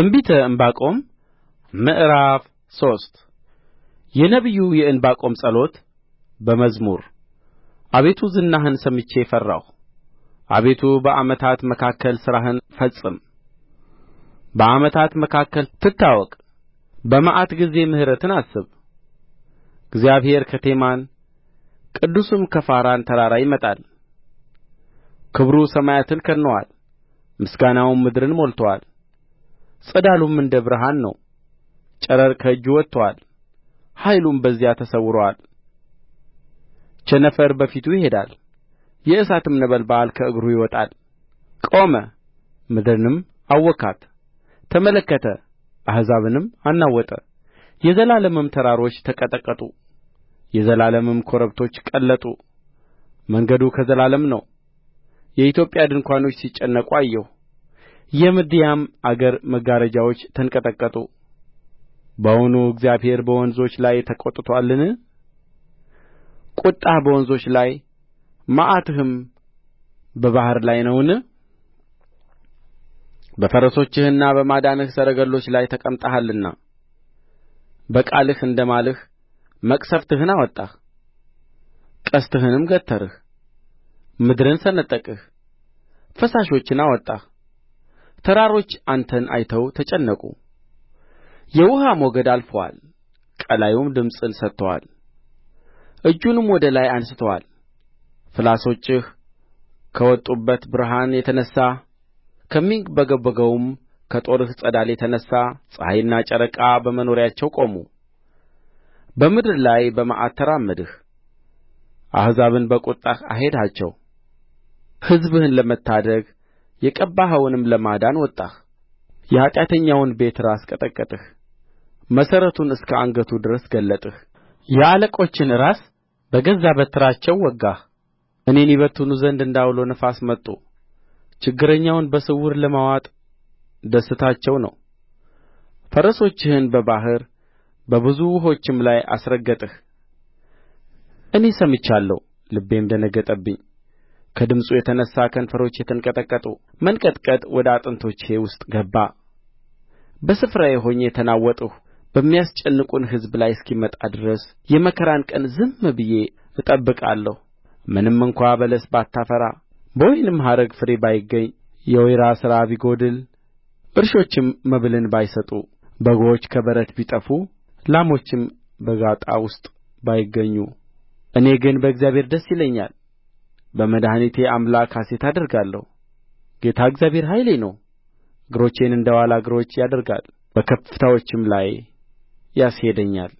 ትንቢተ ዕንባቆም ምዕራፍ ሶስት የነቢዩ የዕንባቆም ጸሎት በመዝሙር አቤቱ ዝናህን ሰምቼ ፈራሁ አቤቱ በዓመታት መካከል ሥራህን ፈጽም በዓመታት መካከል ትታወቅ በመዓት ጊዜ ምሕረትን አስብ እግዚአብሔር ከቴማን ቅዱስም ከፋራን ተራራ ይመጣል ክብሩ ሰማያትን ከድኖአል ምስጋናውም ምድርን ሞልቶአል ፀዳሉም እንደ ብርሃን ነው ጨረር ከእጁ ወጥቶአል ኃይሉም በዚያ ተሰውሮአል ቸነፈር በፊቱ ይሄዳል የእሳትም ነበልባል ከእግሩ ይወጣል ቆመ ምድርንም አወካት ተመለከተ አሕዛብንም አናወጠ የዘላለምም ተራሮች ተቀጠቀጡ የዘላለምም ኮረብቶች ቀለጡ መንገዱ ከዘላለም ነው የኢትዮጵያ ድንኳኖች ሲጨነቁ አየሁ የምድያም አገር መጋረጃዎች ተንቀጠቀጡ በውኑ እግዚአብሔር በወንዞች ላይ ተቈጥቶአልን ቍጣህ በወንዞች ላይ መዓትህም በባሕር ላይ ነውን በፈረሶችህና በማዳንህ ሰረገሎች ላይ ተቀምጠሃልና በቃልህ እንደ ማልህ መቅሠፍትህን አወጣህ ቀስትህንም ገተርህ ምድርን ሰነጠቅህ ፈሳሾችን አወጣህ ተራሮች አንተን አይተው ተጨነቁ የውኃ ሞገድ አልፎአል ቀላዩም ድምፁን ሰጥቶአል እጁንም ወደ ላይ አንስተዋል። ፍላጾችህ ከወጡበት ብርሃን የተነሣ ከሚንቦገቦገውም ከጦርህ ፀዳል የተነሣ ፀሐይና ጨረቃ በመኖሪያቸው ቆሙ በምድር ላይ በመዓት ተራመድህ አሕዛብን በቍጣህ አሄድሃቸው ሕዝብህን ለመታደግ የቀባኸውንም ለማዳን ወጣህ የኃጢአተኛውን ቤት ራስ ቀጠቀጥህ መሠረቱን እስከ አንገቱ ድረስ ገለጥህ የአለቆችን ራስ በገዛ በትራቸው ወጋህ እኔን ይበትኑ ዘንድ እንደ ዐውሎ ነፋስ መጡ ችግረኛውን በስውር ለማዋጥ ደስታቸው ነው ፈረሶችህን በባሕር በብዙ ውኆችም ላይ አስረገጥህ እኔ ሰምቻለሁ ልቤም ደነገጠብኝ ከድምፁ የተነሣ ከንፈሮቼ ተንቀጠቀጡ መንቀጥቀጥ ወደ አጥንቶቼ ውስጥ ገባ በስፍራዬ ሆኜ ተናወጥሁ በሚያስጨንቁን ሕዝብ ላይ እስኪመጣ ድረስ የመከራን ቀን ዝም ብዬ እጠብቃለሁ ምንም እንኳ በለስ ባታፈራ በወይንም ሐረግ ፍሬ ባይገኝ የወይራ ሥራ ቢጐድል እርሾችም መብልን ባይሰጡ በጎች ከበረት ቢጠፉ ላሞችም በጋጣ ውስጥ ባይገኙ እኔ ግን በእግዚአብሔር ደስ ይለኛል በመድኃኒቴ አምላክ ሐሤት አደርጋለሁ ጌታ እግዚአብሔር ኃይሌ ነው እግሮቼን እንደ ዋላ እግሮች ያደርጋል በከፍታዎችም ላይ ያስሄደኛል